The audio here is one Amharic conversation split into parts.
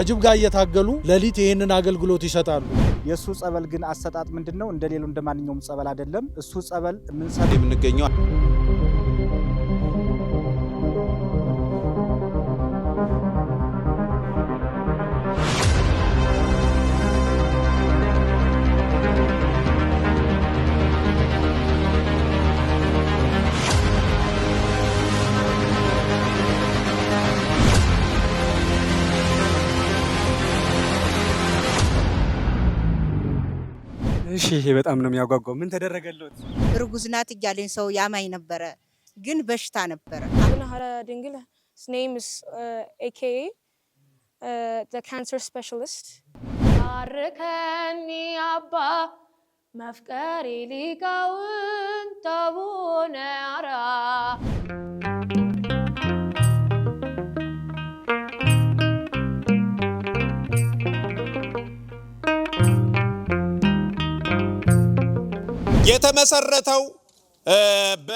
ከጅብ ጋር እየታገሉ ሌሊት ይህንን አገልግሎት ይሰጣሉ። የእሱ ጸበል ግን አሰጣጥ ምንድን ነው? እንደሌሉ ሌሉ እንደ ማንኛውም ጸበል አይደለም። እሱ ጸበል የምንሰ የምንገኘው ትንሽ ይሄ በጣም ነው የሚያጓጓው። ምን ተደረገለት? እርጉዝ ናት እያለኝ ሰው ያማኝ ነበረ፣ ግን በሽታ ነበረ። አቡነ ሀራ ድንግል ስኔምስ ኤኬ ካንሰር ስፔሻሊስት ባርከኒ አባ መፍቀሪ ሊቃውንት አቡነ አራ የተመሰረተው በ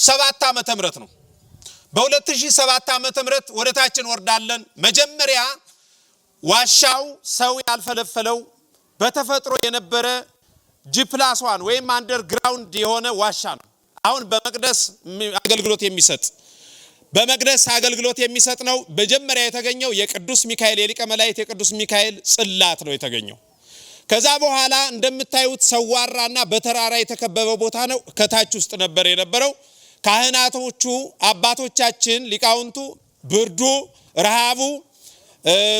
7 ዓመተ ምህረት ነው። በ2007 ዓመተ ምህረት ወደታችን ወርዳለን። መጀመሪያ ዋሻው ሰው ያልፈለፈለው በተፈጥሮ የነበረ ጂፕላስ ዋን ወይም አንደርግራውንድ የሆነ ዋሻ ነው። አሁን በመቅደስ አገልግሎት የሚሰጥ በመቅደስ አገልግሎት የሚሰጥ ነው። መጀመሪያ የተገኘው የቅዱስ ሚካኤል የሊቀ መላእክት የቅዱስ ሚካኤል ጽላት ነው የተገኘው። ከዛ በኋላ እንደምታዩት ሰዋራና በተራራ የተከበበ ቦታ ነው። ከታች ውስጥ ነበር የነበረው። ካህናቶቹ አባቶቻችን ሊቃውንቱ ብርዱ፣ ረሃቡ፣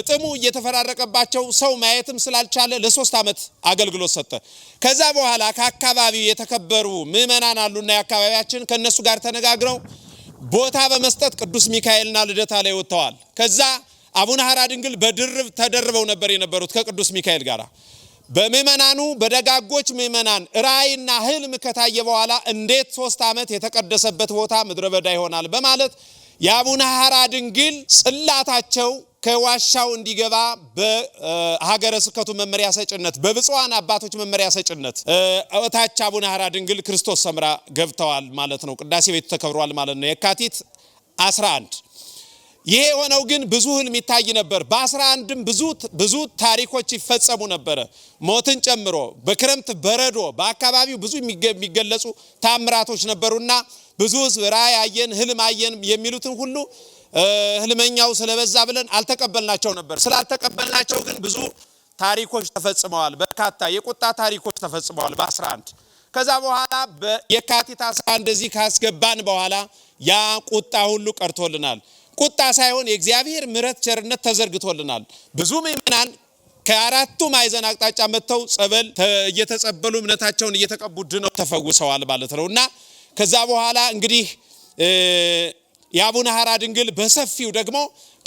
ጥሙ እየተፈራረቀባቸው ሰው ማየትም ስላልቻለ ለሶስት ዓመት አገልግሎት ሰጠ። ከዛ በኋላ ከአካባቢው የተከበሩ ምዕመናን አሉና የአካባቢያችን ከእነሱ ጋር ተነጋግረው ቦታ በመስጠት ቅዱስ ሚካኤልና ልደታ ላይ ወጥተዋል። ከዛ አቡነ ሀራ ድንግል በድርብ ተደርበው ነበር የነበሩት ከቅዱስ ሚካኤል ጋር በምእመናኑ በደጋጎች ምእመናን ራእይና ህልም ከታየ በኋላ እንዴት ሶስት ዓመት የተቀደሰበት ቦታ ምድረ በዳ ይሆናል በማለት የአቡነ ሐራ ድንግል ጽላታቸው ከዋሻው እንዲገባ በሀገረ ስብከቱ መመሪያ ሰጭነት በብፁዓን አባቶች መመሪያ ሰጭነት እታች አቡነ ሐራ ድንግል ክርስቶስ ሰምራ ገብተዋል ማለት ነው። ቅዳሴ ቤቱ ተከብሯል ማለት ነው። የካቲት 11 ይሄ የሆነው ግን ብዙ ህልም ይታይ ነበር። በአስራ አንድም ብዙ ታሪኮች ይፈጸሙ ነበረ። ሞትን ጨምሮ በክረምት በረዶ በአካባቢው ብዙ የሚገለጹ ታምራቶች ነበሩና ብዙ ህዝብ ራእይ አየን፣ ህልም አየን የሚሉትን ሁሉ ህልመኛው ስለበዛ ብለን አልተቀበልናቸው ነበር። ስላልተቀበልናቸው ግን ብዙ ታሪኮች ተፈጽመዋል። በርካታ የቁጣ ታሪኮች ተፈጽመዋል በ11 ከዛ በኋላ የካቲት 11 እዚህ ካስገባን በኋላ ያ ቁጣ ሁሉ ቀርቶልናል። ቁጣ ሳይሆን የእግዚአብሔር ምሕረት ቸርነት ተዘርግቶልናል። ብዙ ምእመናን ከአራቱ ማዕዘን አቅጣጫ መጥተው ጸበል እየተጸበሉ እምነታቸውን እየተቀቡ ድነው ተፈውሰዋል ማለት ነው እና ከዛ በኋላ እንግዲህ የአቡነ ሐራ ድንግል በሰፊው ደግሞ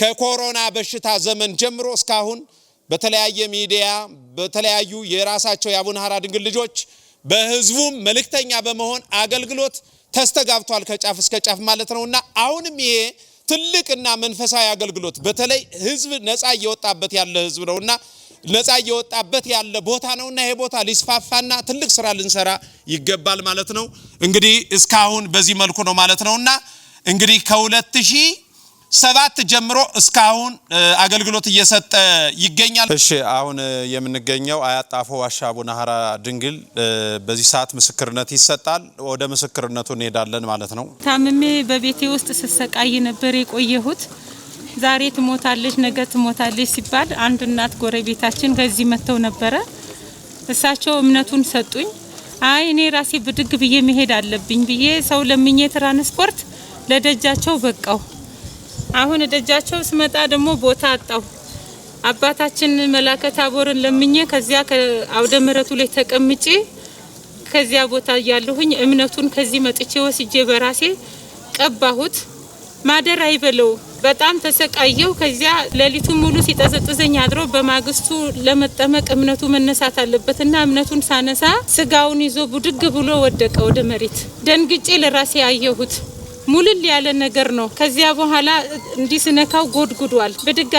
ከኮሮና በሽታ ዘመን ጀምሮ እስካሁን በተለያየ ሚዲያ በተለያዩ የራሳቸው የአቡነ ሐራ ድንግል ልጆች በህዝቡም መልእክተኛ በመሆን አገልግሎት ተስተጋብቷል ከጫፍ እስከ ጫፍ ማለት ነው እና አሁንም ይሄ ትልቅና መንፈሳዊ አገልግሎት በተለይ ህዝብ ነፃ እየወጣበት ያለ ህዝብ ነውና ነፃ እየወጣበት ያለ ቦታ ነውና ይሄ ቦታ ሊስፋፋና ትልቅ ስራ ልንሰራ ይገባል ማለት ነው። እንግዲህ እስካሁን በዚህ መልኩ ነው ማለት ነውና እንግዲህ ከሁለት ሺህ ሰባት ጀምሮ እስካሁን አገልግሎት እየሰጠ ይገኛል። እሺ፣ አሁን የምንገኘው አያጣፎ ዋሻ አቡነ ሀራ ድንግል በዚህ ሰዓት ምስክርነት ይሰጣል። ወደ ምስክርነቱ እንሄዳለን ማለት ነው። ታምሜ በቤቴ ውስጥ ስሰቃይ ነበር የቆየሁት። ዛሬ ትሞታለች፣ ነገ ትሞታለች ሲባል አንድ እናት ጎረቤታችን ከዚህ መጥተው ነበረ። እሳቸው እምነቱን ሰጡኝ። አይ እኔ ራሴ ብድግ ብዬ መሄድ አለብኝ ብዬ ሰው ለምኜ ትራንስፖርት ለደጃቸው በቃው። አሁን ደጃቸው ስመጣ ደግሞ ቦታ አጣሁ። አባታችን መላከ ታቦርን ለምኜ ከዚያ አውደ ምረቱ ላይ ተቀምጬ ከዚያ ቦታ እያለሁኝ እምነቱን ከዚህ መጥቼ ወስጄ በራሴ ቀባሁት። ማደር አይበለው በጣም ተሰቃየው። ከዚያ ሌሊቱ ሙሉ ሲጠዘጥዘኝ አድሮ በማግስቱ ለመጠመቅ እምነቱ መነሳት አለበትና እምነቱን ሳነሳ ስጋውን ይዞ ቡድግ ብሎ ወደቀ ወደ መሬት። ደንግጬ ለራሴ አየሁት። ሙልል ያለ ነገር ነው። ከዚያ በኋላ እንዲህ ስነካው ጎድጉዷል። ብድግ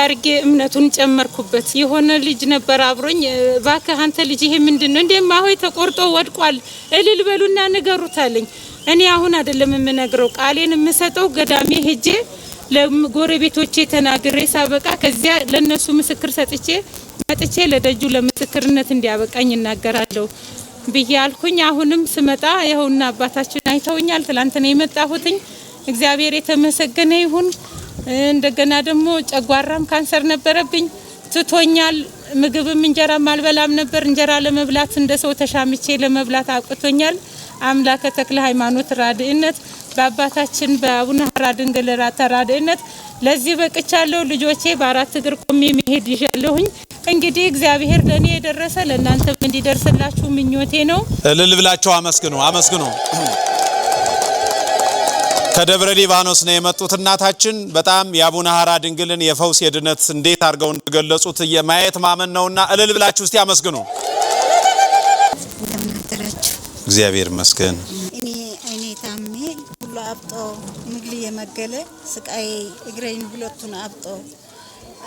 እምነቱን ጨመርኩበት። የሆነ ልጅ ነበር አብሮኝ፣ እባክህ አንተ ልጅ ይሄ ምንድን ነው? እንዴማ ሆይ ተቆርጦ ወድቋል። እልል በሉና ንገሩታለኝ። እኔ አሁን አይደለም የምነግረው፣ ቃሌን የምሰጠው ገዳሜ ሄጄ ለጎረቤቶቼ ተናግሬ ሳበቃ ከዚያ ለነሱ ምስክር ሰጥቼ መጥቼ ለደጁ ለምስክርነት እንዲያበቃኝ እናገራለሁ። ብዬ አልኩኝ። አሁንም ስመጣ ይኸውና አባታችን አይተውኛል። ነው የመጣሁትኝ እግዚአብሔር የተመሰገነ ይሁን። እንደገና ደግሞ ጨጓራም ካንሰር ነበረብኝ ትቶኛል። ምግብም እንጀራም አልበላም ነበር። እንጀራ ለመብላት እንደ ሰው ተሻምቼ ለመብላት አቅቶኛል። አምላከ ተክለ ሃይማኖት ራድእነት በአባታችን በአቡነ ሀራ ድንግል ተራድእነት ለዚህ በቅቻለሁ። ልጆቼ በአራት እግር ቆሜ መሄድ ይሻለሁኝ። እንግዲህ እግዚአብሔር ለእኔ የደረሰ ለእናንተም እንዲደርስላችሁ ምኞቴ ነው። እልል ብላችሁ አመስግኑ፣ አመስግኑ። ከደብረ ሊባኖስ ነው የመጡት እናታችን። በጣም የአቡነ ሀራ ድንግልን የፈውስ የድነት እንዴት አድርገው እንደገለጹት የማየት ማመን ነውና እልል ብላችሁ እስቲ አመስግኑ። እግዚአብሔር ይመስገን። አብጦ ምግል የመገለ ስቃይ እግረኝ ሁለቱን አብጦ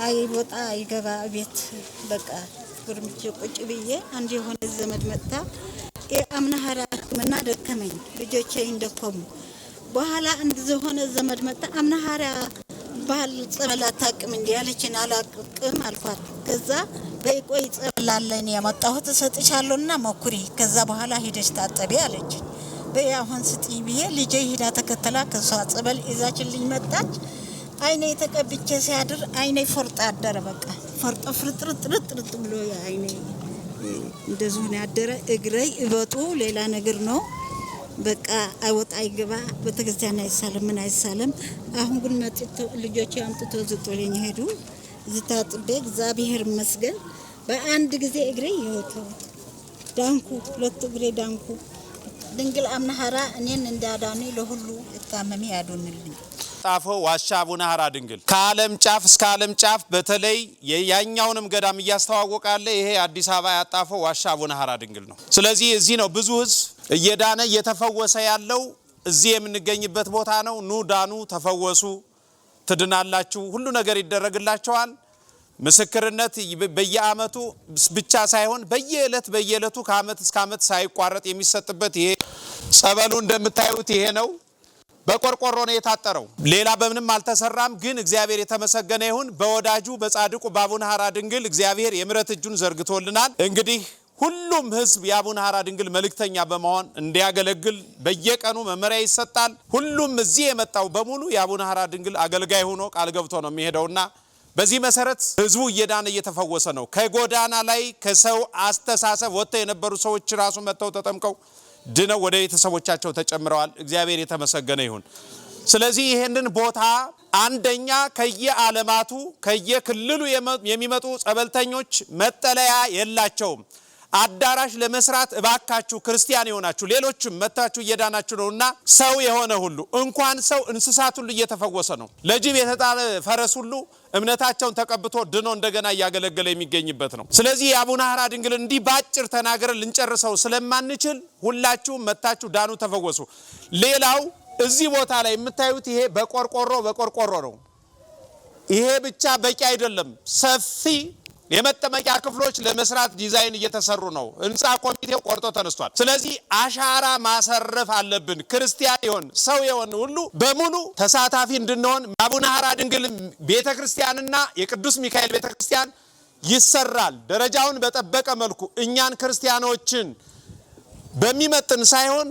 አይወጣ አይገባ ቤት በቃ ጉርምቼ ቁጭ ብዬ አንድ የሆነ ዘመድ መጥታ አምናህራ ሕክምና ደከመኝ ልጆቼ እንደኮሙ በኋላ አንድ የሆነ ዘመድ መጣ አምናህራ ባህል ጸበል አታውቅም እንዲ ያለችን አላቅም አልኳት። ከዛ በይቆይ ጸበል አለን ያመጣሁት እሰጥሻለሁና ሞኩሪ ከዛ በኋላ ሂደሽ ታጠቢ አለችን። በያሁን ስጢኝ ብዬ ልጄ ሂዳ ተከተላ ከሷ ጸበል ይዛችልኝ መጣች። አይኔ የተቀብቼ ሲያድር አይኔ ፈርጦ አደረ። በቃ ፈርጦ ፍርጥርጥርጥርጥ ብሎ አይኔ እንደዚሁ ነው ያደረ። እግረይ እበጡ ሌላ ነገር ነው። በቃ አይወጣ አይገባ፣ ቤተክርስቲያን አይሳለም፣ ምን አይሳለም። አሁን ግን ልጆች አምጥቶ ዝጦልኝ ሄዱ። ዝታጥቤ እግዚአብሔር ይመስገን በአንድ ጊዜ እግሬ ይወጡ ዳንኩ፣ ሁለት እግሬ ዳንኩ። ድንግል አምናሃራ እኔን እንዳዳኒ ለሁሉ እታመሚ ያዶንልኝ ጻፎ ዋሻ አቡነ ሀራ ድንግል ከዓለም ጫፍ እስከ ዓለም ጫፍ በተለይ ያኛውንም ገዳም እያስተዋወቃለ ይሄ አዲስ አበባ ያጣፈው ዋሻ አቡነ ሀራ ድንግል ነው። ስለዚህ እዚህ ነው ብዙ ህዝብ እየዳነ እየተፈወሰ ያለው እዚህ የምንገኝበት ቦታ ነው። ኑ ዳኑ፣ ተፈወሱ፣ ትድናላችሁ፣ ሁሉ ነገር ይደረግላቸዋል። ምስክርነት በየአመቱ ብቻ ሳይሆን በየዕለት በየዕለቱ ከአመት እስከ ዓመት ሳይቋረጥ የሚሰጥበት ይሄ ጸበሉ እንደምታዩት ይሄ ነው። በቆርቆሮ ነው የታጠረው። ሌላ በምንም አልተሰራም። ግን እግዚአብሔር የተመሰገነ ይሁን። በወዳጁ በጻድቁ በአቡነ ሐራ ድንግል እግዚአብሔር የምሕረት እጁን ዘርግቶልናል። እንግዲህ ሁሉም ህዝብ የአቡነ ሐራ ድንግል መልእክተኛ በመሆን እንዲያገለግል በየቀኑ መመሪያ ይሰጣል። ሁሉም እዚህ የመጣው በሙሉ የአቡነ ሐራ ድንግል አገልጋይ ሆኖ ቃል ገብቶ ነው የሚሄደውና በዚህ መሰረት ህዝቡ እየዳነ እየተፈወሰ ነው። ከጎዳና ላይ ከሰው አስተሳሰብ ወጥተው የነበሩ ሰዎች ራሱ መጥተው ተጠምቀው ድነው ወደ ቤተሰቦቻቸው ተጨምረዋል። እግዚአብሔር የተመሰገነ ይሁን። ስለዚህ ይህንን ቦታ አንደኛ ከየዓለማቱ ከየክልሉ የሚመጡ ጸበልተኞች መጠለያ የላቸውም። አዳራሽ ለመስራት እባካችሁ ክርስቲያን የሆናችሁ ሌሎችም መታችሁ እየዳናችሁ ነውና ሰው የሆነ ሁሉ እንኳን ሰው እንስሳት ሁሉ እየተፈወሰ ነው። ለጅብ የተጣለ ፈረስ ሁሉ እምነታቸውን ተቀብቶ ድኖ እንደገና እያገለገለ የሚገኝበት ነው። ስለዚህ የአቡነ ሀራ ድንግል እንዲህ በአጭር ተናግረን ልንጨርሰው ስለማንችል ሁላችሁም መታችሁ ዳኑ፣ ተፈወሱ። ሌላው እዚህ ቦታ ላይ የምታዩት ይሄ በቆርቆሮ በቆርቆሮ ነው። ይሄ ብቻ በቂ አይደለም። ሰፊ የመጠመቂያ ክፍሎች ለመስራት ዲዛይን እየተሰሩ ነው። ህንፃ ኮሚቴው ቆርጦ ተነስቷል። ስለዚህ አሻራ ማሰረፍ አለብን። ክርስቲያን የሆን ሰው የሆን ሁሉ በሙሉ ተሳታፊ እንድንሆን አቡነ ሀራ ድንግል ቤተ ክርስቲያንና የቅዱስ ሚካኤል ቤተ ክርስቲያን ይሰራል። ደረጃውን በጠበቀ መልኩ እኛን ክርስቲያኖችን በሚመጥን ሳይሆን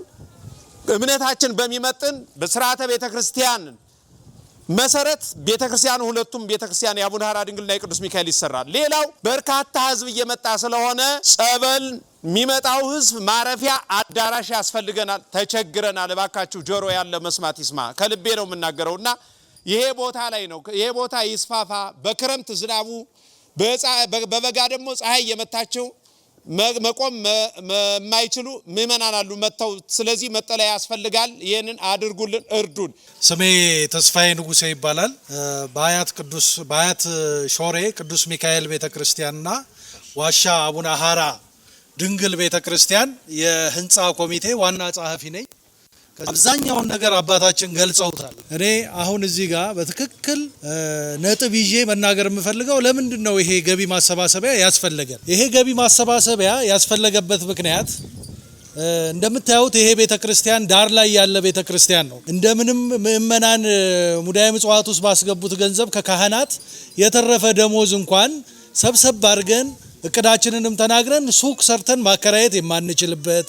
እምነታችን በሚመጥን በስርዓተ ቤተ ክርስቲያን መሰረት ቤተክርስቲያን ሁለቱም ቤተክርስቲያን የአቡነ ሀራ ድንግልና የቅዱስ ሚካኤል ይሰራል። ሌላው በርካታ ህዝብ እየመጣ ስለሆነ ጸበል የሚመጣው ህዝብ ማረፊያ አዳራሽ ያስፈልገናል፣ ተቸግረናል። እባካችሁ ጆሮ ያለ መስማት ይስማ። ከልቤ ነው የምናገረው እና ይሄ ቦታ ላይ ነው ይሄ ቦታ ይስፋፋ። በክረምት ዝናቡ፣ በበጋ ደግሞ ፀሐይ የመታቸው መቆም የማይችሉ ምእመናን አሉ መጥተው። ስለዚህ መጠለያ ያስፈልጋል። ይህንን አድርጉልን፣ እርዱን። ስሜ ተስፋዬ ንጉሴ ይባላል። በአያት ቅዱስ በአያት ሾሬ ቅዱስ ሚካኤል ቤተ ክርስቲያንና ዋሻ አቡነ ሀራ ድንግል ቤተ ክርስቲያን የህንፃ ኮሚቴ ዋና ጸሐፊ ነኝ። አብዛኛውን ነገር አባታችን ገልጸውታል። እኔ አሁን እዚህ ጋር በትክክል ነጥብ ይዤ መናገር የምፈልገው ለምንድን ነው ይሄ ገቢ ማሰባሰቢያ ያስፈለገን? ይሄ ገቢ ማሰባሰቢያ ያስፈለገበት ምክንያት እንደምታዩት ይሄ ቤተ ክርስቲያን ዳር ላይ ያለ ቤተ ክርስቲያን ነው። እንደምንም ምእመናን ሙዳየ ምጽዋት ውስጥ ባስገቡት ገንዘብ ከካህናት የተረፈ ደሞዝ እንኳን ሰብሰብ አድርገን እቅዳችንንም ተናግረን ሱቅ ሰርተን ማከራየት የማንችልበት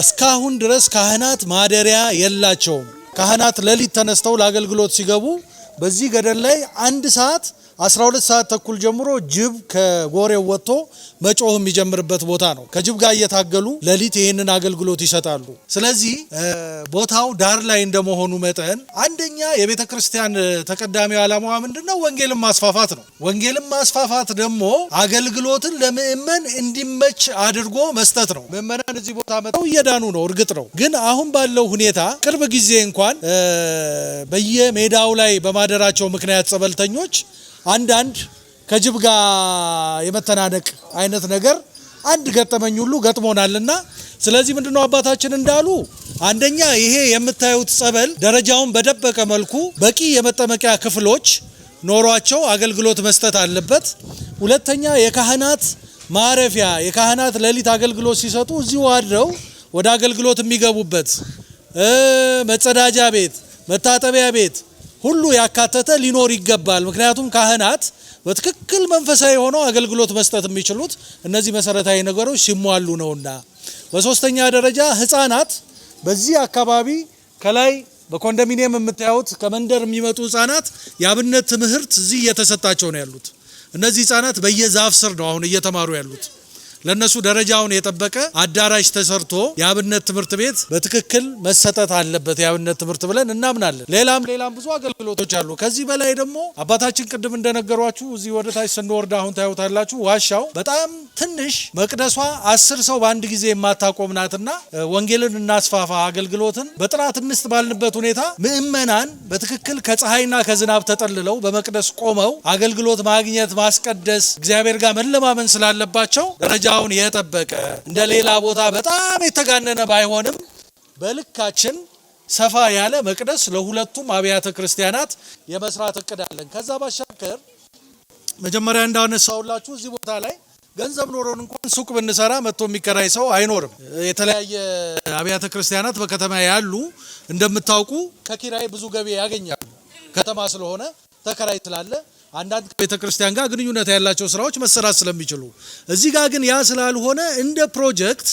እስካሁን ድረስ ካህናት ማደሪያ የላቸውም። ካህናት ሌሊት ተነስተው ለአገልግሎት ሲገቡ በዚህ ገደል ላይ አንድ ሰዓት 12 ሰዓት ተኩል ጀምሮ ጅብ ከጎሬው ወጥቶ መጮህ የሚጀምርበት ቦታ ነው። ከጅብ ጋር እየታገሉ ሌሊት ይህንን አገልግሎት ይሰጣሉ። ስለዚህ ቦታው ዳር ላይ እንደመሆኑ መጠን አንደኛ የቤተ ክርስቲያን ተቀዳሚ ዓላማዋ ምንድን ነው? ወንጌልን ማስፋፋት ነው። ወንጌልን ማስፋፋት ደግሞ አገልግሎትን ለምእመን እንዲመች አድርጎ መስጠት ነው። ምእመናን እዚህ ቦታ መጥተው እየዳኑ ነው። እርግጥ ነው ግን አሁን ባለው ሁኔታ ቅርብ ጊዜ እንኳን በየሜዳው ላይ በማደራቸው ምክንያት ጸበልተኞች አንዳንድ ከጅብ ጋር የመተናነቅ አይነት ነገር አንድ ገጠመኝ ሁሉ ገጥሞናልና ስለዚህ ምንድነው አባታችን እንዳሉ አንደኛ ይሄ የምታዩት ጸበል ደረጃውን በደበቀ መልኩ በቂ የመጠመቂያ ክፍሎች ኖሯቸው አገልግሎት መስጠት አለበት። ሁለተኛ የካህናት ማረፊያ የካህናት ሌሊት አገልግሎት ሲሰጡ እዚሁ አድረው ወደ አገልግሎት የሚገቡበት መጸዳጃ ቤት፣ መታጠቢያ ቤት ሁሉ ያካተተ ሊኖር ይገባል። ምክንያቱም ካህናት በትክክል መንፈሳዊ ሆነው አገልግሎት መስጠት የሚችሉት እነዚህ መሰረታዊ ነገሮች ሲሟሉ ነውና። በሶስተኛ ደረጃ ህፃናት በዚህ አካባቢ ከላይ በኮንዶሚኒየም የምታዩት ከመንደር የሚመጡ ህፃናት የአብነት ትምህርት እዚህ እየተሰጣቸው ነው ያሉት። እነዚህ ህፃናት በየዛፍ ስር ነው አሁን እየተማሩ ያሉት። ለእነሱ ደረጃውን የጠበቀ አዳራሽ ተሰርቶ የአብነት ትምህርት ቤት በትክክል መሰጠት አለበት የአብነት ትምህርት ብለን እናምናለን። ሌላም ሌላም ብዙ አገልግሎቶች አሉ። ከዚህ በላይ ደግሞ አባታችን ቅድም እንደነገሯችሁ እዚህ ወደ ታች ስንወርድ አሁን ታዩታላችሁ። ዋሻው በጣም ትንሽ መቅደሷ አስር ሰው በአንድ ጊዜ የማታቆም ናትና ወንጌልን እናስፋፋ አገልግሎትን በጥራት እንስጥ ባልንበት ሁኔታ ምእመናን በትክክል ከፀሐይና ከዝናብ ተጠልለው በመቅደስ ቆመው አገልግሎት ማግኘት ማስቀደስ እግዚአብሔር ጋር መለማመን ስላለባቸው ደረጃ ጸጋውን የጠበቀ እንደ ሌላ ቦታ በጣም የተጋነነ ባይሆንም በልካችን ሰፋ ያለ መቅደስ ለሁለቱም አብያተ ክርስቲያናት የመስራት እቅድ አለን። ከዛ ባሻገር መጀመሪያ እንዳነሳውላችሁ እዚህ ቦታ ላይ ገንዘብ ኖሮን እንኳን ሱቅ ብንሰራ መጥቶ የሚከራይ ሰው አይኖርም። የተለያየ አብያተ ክርስቲያናት በከተማ ያሉ እንደምታውቁ ከኪራይ ብዙ ገቢ ያገኛሉ። ከተማ ስለሆነ ተከራይ ስላለ አንዳንድ ቤተ ክርስቲያን ጋር ግንኙነት ያላቸው ስራዎች መሰራት ስለሚችሉ እዚህ ጋር ግን ያ ስላልሆነ እንደ ፕሮጀክት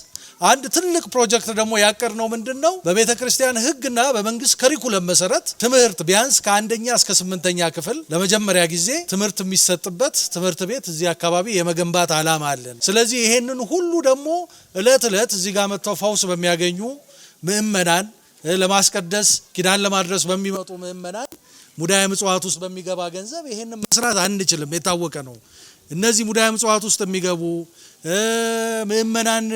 አንድ ትልቅ ፕሮጀክት ደግሞ ያቀር ነው ምንድን ነው በቤተ ክርስቲያን ሕግና በመንግስት ከሪኩለም መሰረት ትምህርት ቢያንስ ከአንደኛ እስከ ስምንተኛ ክፍል ለመጀመሪያ ጊዜ ትምህርት የሚሰጥበት ትምህርት ቤት እዚህ አካባቢ የመገንባት አላማ አለን። ስለዚህ ይሄንን ሁሉ ደግሞ እለት እለት እዚህ ጋር መጥተው ፈውስ በሚያገኙ ምእመናን ለማስቀደስ ኪዳን ለማድረስ በሚመጡ ምእመናን ሙዳየ ምጽዋት ውስጥ በሚገባ ገንዘብ ይሄን መስራት አንችልም፣ የታወቀ ነው። እነዚህ ሙዳየ ምጽዋት ውስጥ የሚገቡ ምእመናን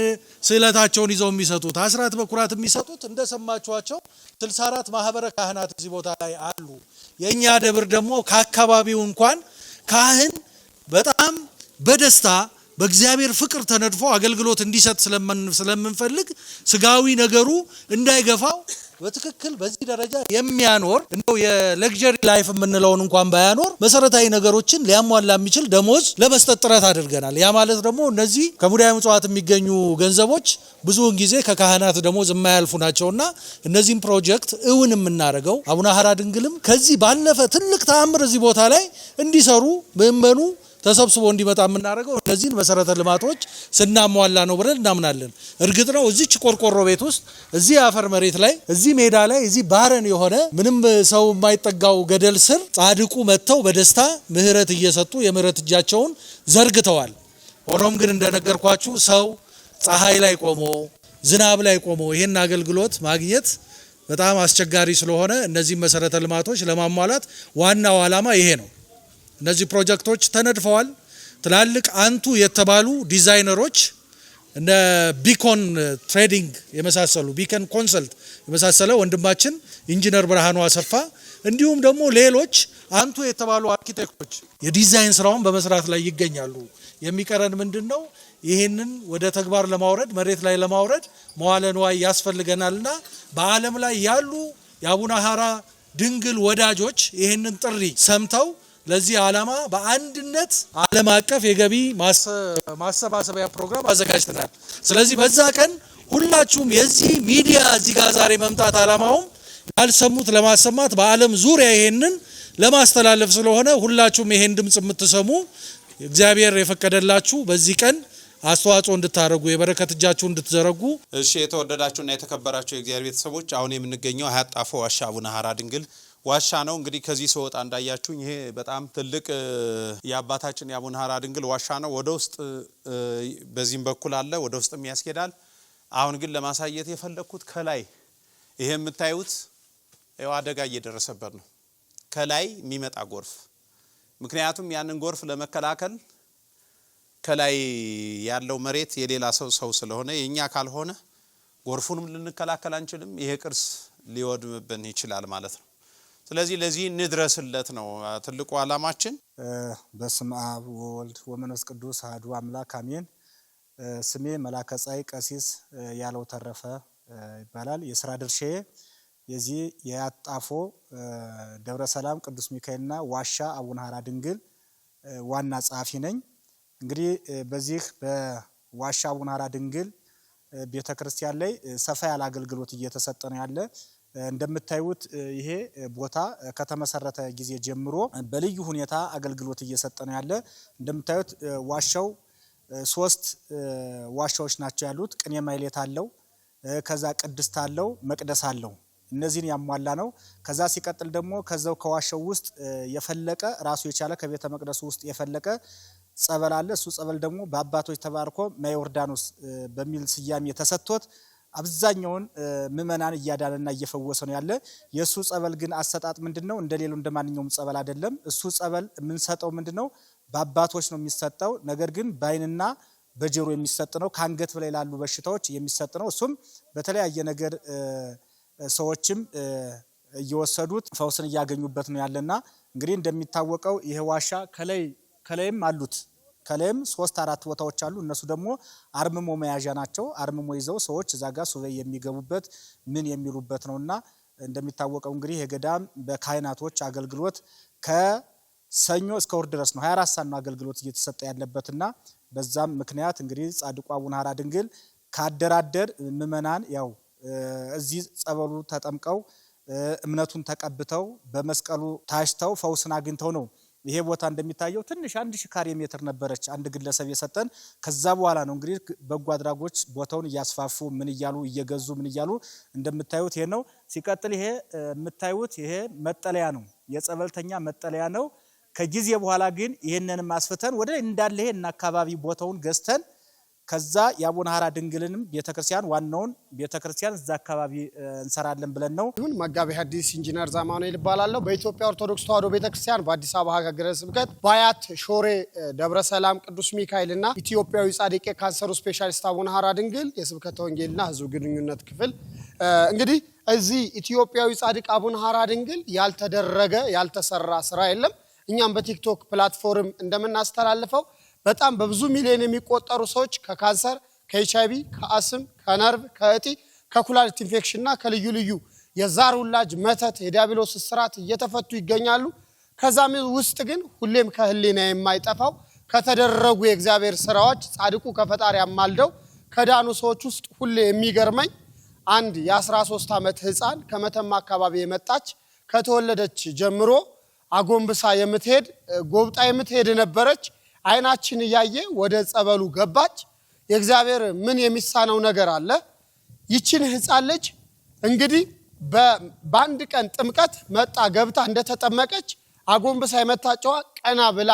ስዕለታቸውን ይዘው የሚሰጡት አስራት በኩራት የሚሰጡት እንደሰማችኋቸው 64 ማህበረ ካህናት እዚህ ቦታ ላይ አሉ። የእኛ ደብር ደግሞ ከአካባቢው እንኳን ካህን በጣም በደስታ በእግዚአብሔር ፍቅር ተነድፎ አገልግሎት እንዲሰጥ ስለምንፈልግ ስጋዊ ነገሩ እንዳይገፋው በትክክል በዚህ ደረጃ የሚያኖር እንደው የለግጀሪ ላይፍ የምንለውን እንኳን ባያኖር መሰረታዊ ነገሮችን ሊያሟላ የሚችል ደሞዝ ለመስጠት ጥረት አድርገናል። ያ ማለት ደግሞ እነዚህ ከሙዳየ ምጽዋት የሚገኙ ገንዘቦች ብዙውን ጊዜ ከካህናት ደሞዝ የማያልፉ ናቸውና እነዚህም ፕሮጀክት እውን የምናደርገው አቡነ ሀራ ድንግልም ከዚህ ባለፈ ትልቅ ተአምር እዚህ ቦታ ላይ እንዲሰሩ ምእመኑ ተሰብስቦ እንዲመጣ የምናደርገው እነዚህን መሰረተ ልማቶች ስናሟላ ነው ብለን እናምናለን። እርግጥ ነው እዚች ቆርቆሮ ቤት ውስጥ እዚህ የአፈር መሬት ላይ እዚህ ሜዳ ላይ እዚህ ባረን የሆነ ምንም ሰው የማይጠጋው ገደል ስር ጻድቁ መጥተው በደስታ ምሕረት እየሰጡ የምሕረት እጃቸውን ዘርግተዋል። ሆኖም ግን እንደነገርኳችሁ ሰው ፀሐይ ላይ ቆሞ ዝናብ ላይ ቆሞ ይህን አገልግሎት ማግኘት በጣም አስቸጋሪ ስለሆነ እነዚህ መሰረተ ልማቶች ለማሟላት ዋናው ዓላማ ይሄ ነው። እነዚህ ፕሮጀክቶች ተነድፈዋል። ትላልቅ አንቱ የተባሉ ዲዛይነሮች እነ ቢኮን ትሬዲንግ የመሳሰሉ ቢኮን ኮንሰልት የመሳሰለ ወንድማችን ኢንጂነር ብርሃኑ አሰፋ እንዲሁም ደግሞ ሌሎች አንቱ የተባሉ አርኪቴክቶች የዲዛይን ስራውን በመስራት ላይ ይገኛሉ። የሚቀረን ምንድን ነው? ይህንን ወደ ተግባር ለማውረድ መሬት ላይ ለማውረድ መዋለ ንዋይ ያስፈልገናልና በዓለም ላይ ያሉ የአቡነ ሀራ ድንግል ወዳጆች ይህንን ጥሪ ሰምተው ለዚህ ዓላማ በአንድነት ዓለም አቀፍ የገቢ ማሰባሰቢያ ፕሮግራም አዘጋጅተናል። ስለዚህ በዛ ቀን ሁላችሁም የዚህ ሚዲያ እዚህ ጋር ዛሬ መምጣት ዓላማውም ያልሰሙት ለማሰማት በዓለም ዙሪያ ይሄንን ለማስተላለፍ ስለሆነ ሁላችሁም ይሄን ድምፅ የምትሰሙ እግዚአብሔር የፈቀደላችሁ በዚህ ቀን አስተዋጽኦ እንድታደርጉ የበረከት እጃችሁ እንድትዘረጉ። እሺ የተወደዳችሁና የተከበራችሁ የእግዚአብሔር ቤተሰቦች አሁን የምንገኘው ሀያት ጣፎ ዋሻ አቡነ ሀራ ድንግል ዋሻ ነው። እንግዲህ ከዚህ ስወጣ እንዳያችሁኝ ይሄ በጣም ትልቅ የአባታችን የአቡነ ሀራ ድንግል ዋሻ ነው። ወደ ውስጥ በዚህም በኩል አለ፣ ወደ ውስጥም ያስኬዳል። አሁን ግን ለማሳየት የፈለግኩት ከላይ ይሄ የምታዩት አደጋ እየደረሰበት ነው፣ ከላይ የሚመጣ ጎርፍ። ምክንያቱም ያንን ጎርፍ ለመከላከል ከላይ ያለው መሬት የሌላ ሰው ሰው ስለሆነ የእኛ ካልሆነ ጎርፉንም ልንከላከል አንችልም። ይሄ ቅርስ ሊወድምብን ይችላል ማለት ነው። ስለዚህ ለዚህ እንድረስለት ነው ትልቁ ዓላማችን። በስም አብ ወወልድ ወመንፈስ ቅዱስ አህዱ አምላክ አሜን። ስሜ መላከ ጸሐይ ቀሲስ ያለው ተረፈ ይባላል። የስራ ድርሻዬ የዚህ የአጣፎ ደብረ ሰላም ቅዱስ ሚካኤልና ዋሻ አቡነ ሀራ ድንግል ዋና ጸሐፊ ነኝ። እንግዲህ በዚህ በዋሻ አቡነ ሀራ ድንግል ቤተ ክርስቲያን ላይ ሰፋ ያለ አገልግሎት እየተሰጠ ነው ያለ እንደምታዩት ይሄ ቦታ ከተመሰረተ ጊዜ ጀምሮ በልዩ ሁኔታ አገልግሎት እየሰጠ ነው ያለ። እንደምታዩት ዋሻው ሶስት ዋሻዎች ናቸው ያሉት። ቅኔ ማህሌት አለው፣ ከዛ ቅድስት አለው፣ መቅደስ አለው። እነዚህን ያሟላ ነው። ከዛ ሲቀጥል ደግሞ ከዛው ከዋሻው ውስጥ የፈለቀ ራሱ የቻለ ከቤተ መቅደሱ ውስጥ የፈለቀ ጸበል አለ። እሱ ጸበል ደግሞ በአባቶች ተባርኮ ማዮርዳኖስ በሚል ስያሜ ተሰጥቶት አብዛኛውን ምእመናን እያዳነና እየፈወሰ ነው ያለ። የእሱ ጸበል ግን አሰጣጥ ምንድን ነው? እንደ ሌሎ እንደ ማንኛውም ጸበል አይደለም። እሱ ጸበል የምንሰጠው ምንድን ነው? በአባቶች ነው የሚሰጠው። ነገር ግን በአይንና በጆሮ የሚሰጥ ነው። ከአንገት በላይ ላሉ በሽታዎች የሚሰጥ ነው። እሱም በተለያየ ነገር ሰዎችም እየወሰዱት ፈውስን እያገኙበት ነው ያለና እንግዲህ እንደሚታወቀው ይህ ዋሻ ከላይ ከላይም አሉት ከላይም ሶስት አራት ቦታዎች አሉ። እነሱ ደግሞ አርምሞ መያዣ ናቸው። አርምሞ ይዘው ሰዎች እዛ ጋር ሱባኤ የሚገቡበት ምን የሚሉበት ነውና እንደሚታወቀው እንግዲህ የገዳም በካህናቶች አገልግሎት ከሰኞ እስከ እሁድ ድረስ ነው 24 ሰዓት ነው አገልግሎት እየተሰጠ ያለበትና በዛም ምክንያት እንግዲህ ጻድቋ አቡነ ድንግል ካደራደር ምእመናን ያው እዚህ ጸበሉ ተጠምቀው እምነቱን ተቀብተው በመስቀሉ ታሽተው ፈውስን አግኝተው ነው ይሄ ቦታ እንደሚታየው ትንሽ አንድ ሽካሪ ካሬ ሜትር ነበረች አንድ ግለሰብ የሰጠን። ከዛ በኋላ ነው እንግዲህ በጎ አድራጎች ቦታውን እያስፋፉ ምን እያሉ እየገዙ ምን እያሉ እንደምታዩት ይሄ ነው። ሲቀጥል ይሄ የምታዩት ይሄ መጠለያ ነው፣ የጸበልተኛ መጠለያ ነው። ከጊዜ በኋላ ግን ይህንንም አስፍተን ወደ እንዳለ ይሄን አካባቢ ቦታውን ገዝተን ከዛ የአቡነ ሀራ ድንግልንም ቤተክርስቲያን ዋናውን ቤተክርስቲያን እዛ አካባቢ እንሰራለን ብለን ነው። ይሁን መጋቤ ሐዲስ ኢንጂነር ዛማኑኤል ይባላለሁ። በኢትዮጵያ ኦርቶዶክስ ተዋሕዶ ቤተክርስቲያን በአዲስ አበባ ሀገረ ስብከት በአያት ሾሬ ደብረ ሰላም ቅዱስ ሚካኤል እና ኢትዮጵያዊ ጻድቅ የካንሰሩ ስፔሻሊስት አቡነ ሀራ ድንግል የስብከተ ወንጌልና ህዝብ ግንኙነት ክፍል እንግዲህ እዚህ ኢትዮጵያዊ ጻድቅ አቡነ ሀራ ድንግል ያልተደረገ ያልተሰራ ስራ የለም። እኛም በቲክቶክ ፕላትፎርም እንደምናስተላልፈው በጣም በብዙ ሚሊዮን የሚቆጠሩ ሰዎች ከካንሰር፣ ከኤችአይቪ፣ ከአስም፣ ከነርቭ፣ ከእጢ፣ ከኩላሊት ኢንፌክሽን እና ከልዩ ልዩ የዛር ውላጅ መተት፣ የዲያብሎስ ስራት እየተፈቱ ይገኛሉ። ከዛም ውስጥ ግን ሁሌም ከህሊና የማይጠፋው ከተደረጉ የእግዚአብሔር ስራዎች ጻድቁ ከፈጣሪ አማልደው ከዳኑ ሰዎች ውስጥ ሁሌ የሚገርመኝ አንድ የ13 ዓመት ህፃን ከመተማ አካባቢ የመጣች ከተወለደች ጀምሮ አጎንብሳ የምትሄድ ጎብጣ የምትሄድ ነበረች። አይናችን እያየ ወደ ጸበሉ ገባች። የእግዚአብሔር ምን የሚሳነው ነገር አለ? ይችን ህፃን ልጅ እንግዲህ በአንድ ቀን ጥምቀት መጣ ገብታ እንደተጠመቀች አጎንብሳ የመታጨዋ ቀና ብላ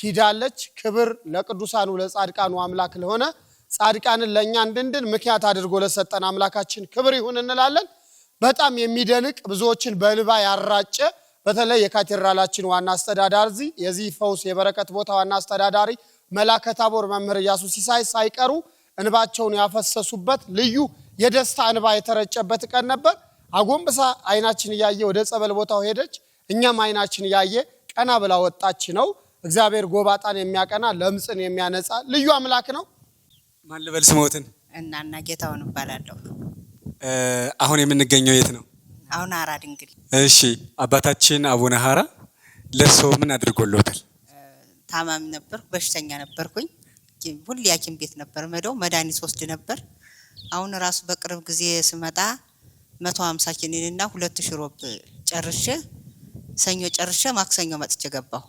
ሂዳለች። ክብር ለቅዱሳኑ ለጻድቃኑ አምላክ ለሆነ ጻድቃንን ለእኛ እንድንድን ምክንያት አድርጎ ለሰጠን አምላካችን ክብር ይሁን እንላለን። በጣም የሚደንቅ ብዙዎችን በልባ ያራጨ በተለይ የካቴድራላችን ዋና አስተዳዳሪ የዚህ ፈውስ የበረከት ቦታ ዋና አስተዳዳሪ መላከ ታቦር መምህር ኢያሱ ሲሳይ ሳይቀሩ እንባቸውን ያፈሰሱበት ልዩ የደስታ እንባ የተረጨበት ቀን ነበር። አጎንብሳ አይናችን እያየ ወደ ጸበል ቦታው ሄደች። እኛም አይናችን እያየ ቀና ብላ ወጣች ነው። እግዚአብሔር ጎባጣን የሚያቀና ለምጽን የሚያነጻ ልዩ አምላክ ነው። ማን ልበል? ስሞትን እናና ጌታውን እባላለሁ። አሁን የምንገኘው የት ነው? አሁን ሀራ ድንግል። እሺ አባታችን አቡነ ሀራ ለሰው ምን አድርጎልዎታል? ታማሚ ነበርኩ፣ በሽተኛ ነበርኩኝ። ሁሌ ሐኪም ቤት ነበር መደው መድኃኒት ወስድ ነበር። አሁን ራሱ በቅርብ ጊዜ ስመጣ መቶ ሀምሳ ኪኒን እና ሁለት ሽሮብ ሮብ ጨርሼ ሰኞ ጨርሼ ማክሰኞ መጥቼ ገባሁ።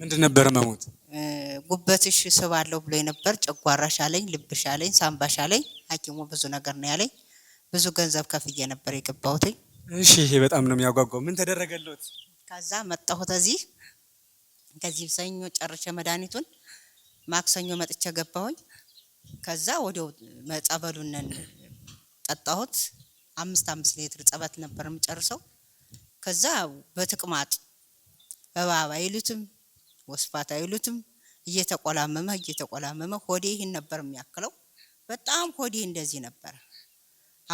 ምንድን ነበር መሞት? ጉበትሽ ስብ አለው ብሎ ነበር። ጨጓራሽ አለኝ፣ ልብሽ አለኝ፣ ሳምባሽ አለኝ። ሐኪሙ ብዙ ነገር ነው ያለኝ። ብዙ ገንዘብ ከፍዬ ነበር የገባሁትኝ እሺ፣ ይሄ በጣም ነው የሚያጓጓው። ምን ተደረገለት? ከዛ መጣሁት እዚህ ከዚህ ሰኞ ጨርሼ መድኃኒቱን ማክሰኞ መጥቼ ገባሁኝ። ከዛ ወዲያው ጸበሉን ጠጣሁት። አምስት አምስት ሌትር ጸበት ነበር የምጨርሰው። ከዛ በትቅማጥ እባብ አይሉትም ወስፋት አይሉትም እየተቆላመመ እየተቆላመመ ሆዴ ይህን ነበር የሚያክለው። በጣም ሆዴ እንደዚህ ነበረ።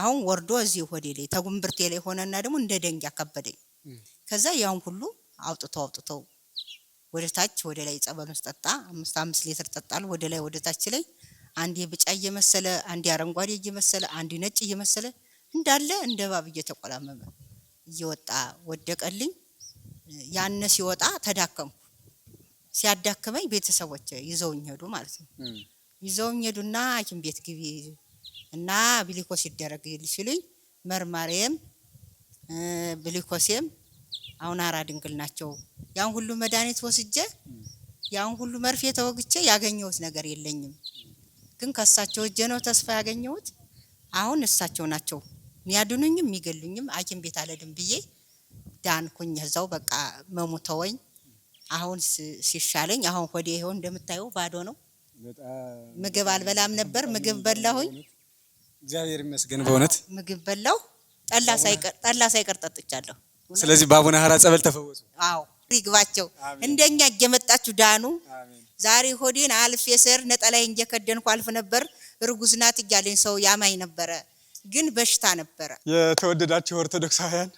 አሁን ወርዶ እዚህ ሆዴ ላይ ተጉንብርቴ ላይ ሆነና ደግሞ እንደ ደንግ ያከበደኝ። ከዛ ያውን ሁሉ አውጥቶ አውጥቶ ወደ ታች ወደ ላይ ጸበል ስጠጣ አምስት አምስት ሊትር ጠጣል። ወደ ላይ ወደ ታች ላይ አንድ የብጫ እየመሰለ አንድ አረንጓዴ እየመሰለ አንድ ነጭ እየመሰለ እንዳለ እንደ እባብ እየተቆላመመ እየወጣ ወደቀልኝ። ያነ ሲወጣ ተዳከምኩ። ሲያዳክመኝ ቤተሰቦች ይዘውኝ ሄዱ ማለት ነው። ይዘውኝ ሄዱና ሐኪም ቤት ግቢ እና ብሊኮስ ይደረግ ሲሉኝ መርማሬም ብሊኮሴም አሁን አራ ድንግል ናቸው። ያን ሁሉ መድኃኒት ወስጄ ያን ሁሉ መርፌ ተወግቼ ያገኘሁት ነገር የለኝም። ግን ከእሳቸው እጄ ነው ተስፋ ያገኘሁት። አሁን እሳቸው ናቸው የሚያድኑኝም የሚገሉኝም። ሐኪም ቤት አልሄድም ብዬ ዳንኩኝ። እዛው በቃ መሙተወኝ። አሁን ሲሻለኝ አሁን ሆዴ ይኸው እንደምታየው ባዶ ነው። ምግብ አልበላም ነበር፣ ምግብ በላሁኝ። እግዚአብሔር ይመስገን በእውነት ምግብ በላው፣ ጠላ ሳይቀር ጠጥቻለሁ። ስለዚህ በአቡነ ሀራ ጸበል ተፈወሱ። አዎ ይግባቸው። እንደኛ እየመጣችሁ ዳኑ። ዛሬ ሆዴን አልፌ ስር ነጠላይ እየከደንኩ አልፍ ነበር። እርጉዝ ናት እያለኝ ሰው ያማኝ ነበረ፣ ግን በሽታ ነበረ። የተወደዳችሁ ኦርቶዶክሳውያን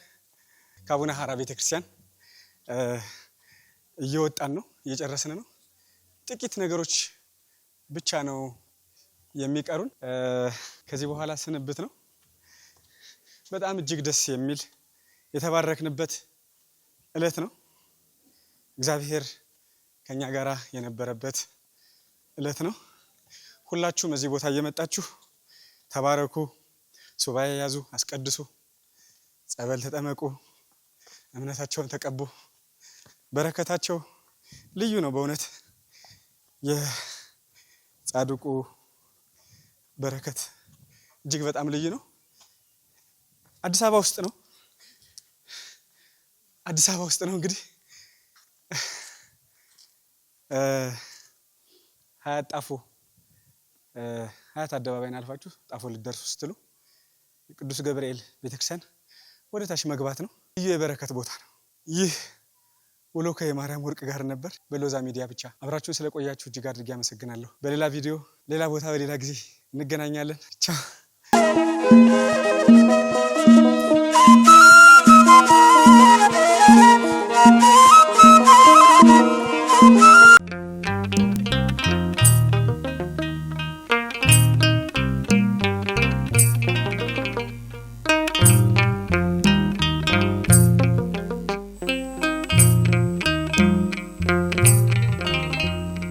ከአቡነ ሀራ ቤተክርስቲያን እየወጣን ነው፣ እየጨረስን ነው። ጥቂት ነገሮች ብቻ ነው የሚቀሩን። ከዚህ በኋላ ስንብት ነው። በጣም እጅግ ደስ የሚል የተባረክንበት እለት ነው። እግዚአብሔር ከኛ ጋር የነበረበት እለት ነው። ሁላችሁም እዚህ ቦታ እየመጣችሁ ተባረኩ፣ ሱባኤ ያዙ፣ አስቀድሱ፣ ጸበል ተጠመቁ፣ እምነታቸውን ተቀቡ። በረከታቸው ልዩ ነው። በእውነት የጻድቁ በረከት እጅግ በጣም ልዩ ነው። አዲስ አበባ ውስጥ ነው። አዲስ አበባ ውስጥ ነው። እንግዲህ ሀያት ጣፎ ሀያት አደባባይን አልፋችሁ ጣፎ ልደርሱ ስትሉ ቅዱስ ገብርኤል ቤተክርስቲያን ወደ ታች መግባት ነው። ልዩ የበረከት ቦታ ነው። ይህ ውሎ ከየማርያም ወርቅ ጋር ነበር በሎዛ ሚዲያ ብቻ። አብራችሁን ስለቆያችሁ እጅግ አድርጌ አመሰግናለሁ። በሌላ ቪዲዮ፣ ሌላ ቦታ፣ በሌላ ጊዜ እንገናኛለን። ቻው